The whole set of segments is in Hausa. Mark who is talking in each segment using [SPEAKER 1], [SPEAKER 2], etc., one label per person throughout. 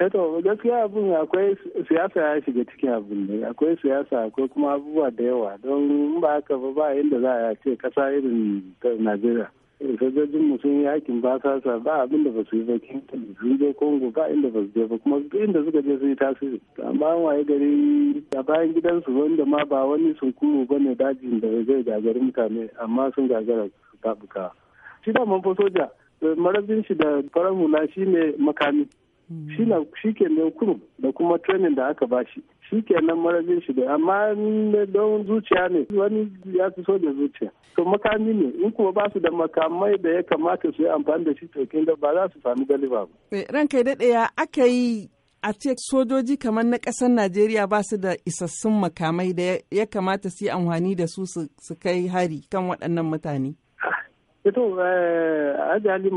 [SPEAKER 1] Eh, to gaskiya abin akwai siyasa ya shiga cikin abin ne akwai siyasa akwai kuma abubuwa da yawa don ba haka ba ba inda za a ce kasa irin najeriya sojojin mu sun yakin ba ba abin ba su sun je congo ba inda ba su kuma inda suka su yi tasiri amma an waye gari a bayan gidansu wanda ma ba wani eh, makami shi ke mai kurum da kuma training da aka bashi shi kenan marajin shi da amma don zuciya ne wani ya fi so da zuciya to makami ne in kuma ba su da makamai da ya kamata su yi amfani da shi tokin da ba za su sami galiba ba. Eh, ranka kai daɗe ya aka yi a ce sojoji kamar na ƙasar najeriya ba su da isassun makamai da ya kamata su yi amfani da su su kai hari kan waɗannan mutane. ito eh, eh, ajali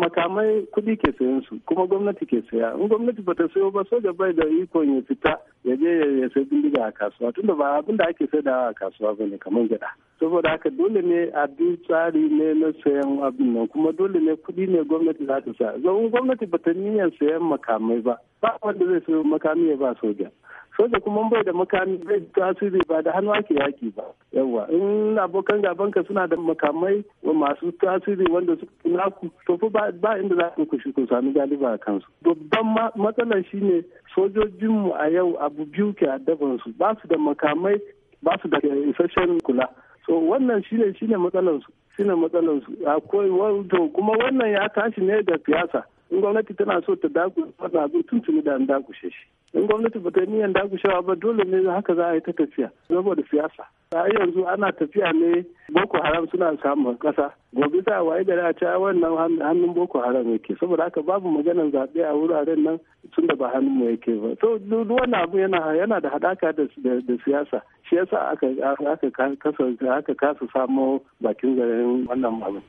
[SPEAKER 1] makamai kudi ke sayan su kuma gwamnati ke saya in gwamnati bata sayo ba soja bai da ikon ya fita ya je ya sayi bindiga a kasuwa tunda ba abin da ake sai da a kasuwa ba ne kamar gyaɗa saboda haka dole ne a bi tsari ne na sayan abin nan kuma dole ne kudi ne gwamnati za ta sa zan gwamnati bata niyan sayan makamai ba ba wanda zai sayo makami ya ba soja soja kuma bai da makami zai tasiri ba da hannu ake yaki ba yawa in abokan gabanka suna da makamai masu tasiri wanda su naku to fa ba inda za ku kushi ku sami galiba a kansu babban matsalar shine sojojinmu a yau abu biyu ke addaban su ba su da makamai ba su da isasshen kula so wannan shine shine matsalar su shine matsalar su akwai wato kuma wannan ya tashi ne da siyasa in gwamnati tana so ta dakushe tun tuni da an dakushe shi in gwamnati ba ta yi niyan dagushewa ba dole ne haka za a yi ta tafiya saboda siyasa a yanzu ana tafiya ne boko haram suna samun kasa gobe za a waye gari a wannan hannun boko haram yake saboda haka babu maganar zaɓe a wuraren nan tun da ba hannun mu yake ba to duk wannan abu yana da haɗaka da siyasa shi yasa aka kasa samo bakin garin wannan abin